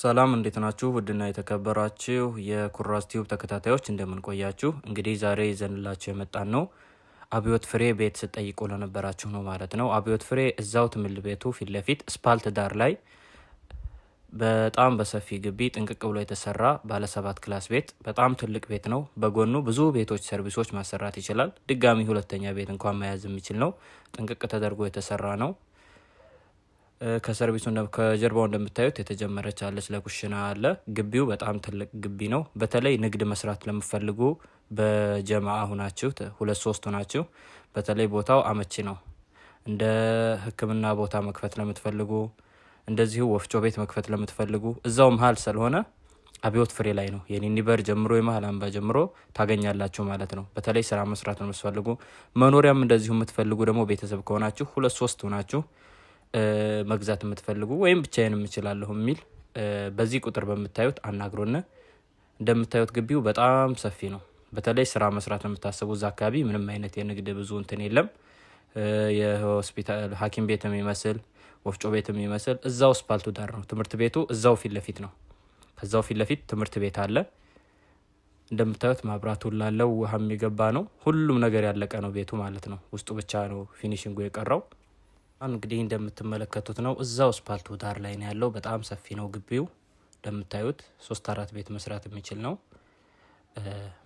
ሰላም እንዴት ናችሁ? ውድና የተከበራችሁ የኩራዝ ቲዩብ ተከታታዮች እንደምንቆያችሁ። እንግዲህ ዛሬ ይዘንላችሁ የመጣን ነው አብዮት ፍሬ ቤት ስጠይቁ ለነበራችሁ ነው ማለት ነው። አብዮት ፍሬ እዛው ትምህርት ቤቱ ፊት ለፊት ስፓልት ዳር ላይ በጣም በሰፊ ግቢ ጥንቅቅ ብሎ የተሰራ ባለ ሰባት ክላስ ቤት በጣም ትልቅ ቤት ነው። በጎኑ ብዙ ቤቶች፣ ሰርቪሶች ማሰራት ይችላል። ድጋሚ ሁለተኛ ቤት እንኳን መያዝ የሚችል ነው። ጥንቅቅ ተደርጎ የተሰራ ነው። ከሰርቪሱ ከጀርባው እንደምታዩት የተጀመረች አለች ለኩሽና አለ። ግቢው በጣም ትልቅ ግቢ ነው። በተለይ ንግድ መስራት ለምፈልጉ በጀማአ ሁናችሁ ሁለት ሶስት ሁናችሁ በተለይ ቦታው አመቺ ነው። እንደ ሕክምና ቦታ መክፈት ለምትፈልጉ፣ እንደዚሁ ወፍጮ ቤት መክፈት ለምትፈልጉ እዛው መሀል ስለሆነ አብዮት ፍሬ ላይ ነው። የኒኒበር ጀምሮ የመሀል አምባ ጀምሮ ታገኛላችሁ ማለት ነው። በተለይ ስራ መስራት ነው መኖሪያም እንደዚሁ የምትፈልጉ ደግሞ ቤተሰብ ከሆናችሁ ሁለት ሶስት ሁናችሁ መግዛት የምትፈልጉ ወይም ብቻዬን የምችላለሁ የሚል በዚህ ቁጥር በምታዩት አናግሮነ። እንደምታዩት ግቢው በጣም ሰፊ ነው። በተለይ ስራ መስራት የምታስቡ እዛ አካባቢ ምንም አይነት የንግድ ብዙ እንትን የለም። የሆስፒታል ሐኪም ቤት የሚመስል ወፍጮ ቤት የሚመስል እዛው ስፓልቱ ዳር ነው። ትምህርት ቤቱ እዛው ፊት ለፊት ነው። ከዛው ፊት ለፊት ትምህርት ቤት አለ። እንደምታዩት መብራት ላለው ውሃ የሚገባ ነው። ሁሉም ነገር ያለቀ ነው ቤቱ ማለት ነው። ውስጡ ብቻ ነው ፊኒሽንጉ የቀረው። እንግዲህ እንደምትመለከቱት ነው። እዛው ስፓልቱ ዳር ላይ ነው ያለው። በጣም ሰፊ ነው ግቢው እንደምታዩት ሶስት አራት ቤት መስራት የሚችል ነው።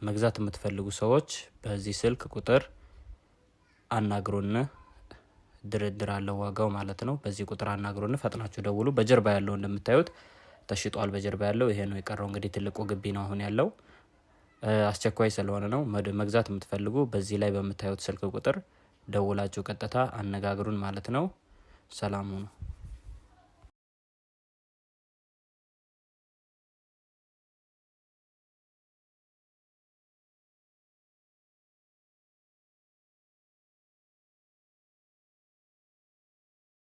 መግዛት የምትፈልጉ ሰዎች በዚህ ስልክ ቁጥር አናግሮን፣ ድርድር አለው ዋጋው ማለት ነው። በዚህ ቁጥር አናግሮን፣ ፈጥናችሁ ደውሉ። በጀርባ ያለው እንደምታዩት ተሽጧል። በጀርባ ያለው ይሄ ነው የቀረው። እንግዲህ ትልቁ ግቢ ነው አሁን ያለው። አስቸኳይ ስለሆነ ነው መግዛት የምትፈልጉ በዚህ ላይ በምታዩት ስልክ ቁጥር ደውላችሁ ቀጥታ አነጋግሩን ማለት ነው። ሰላም ነው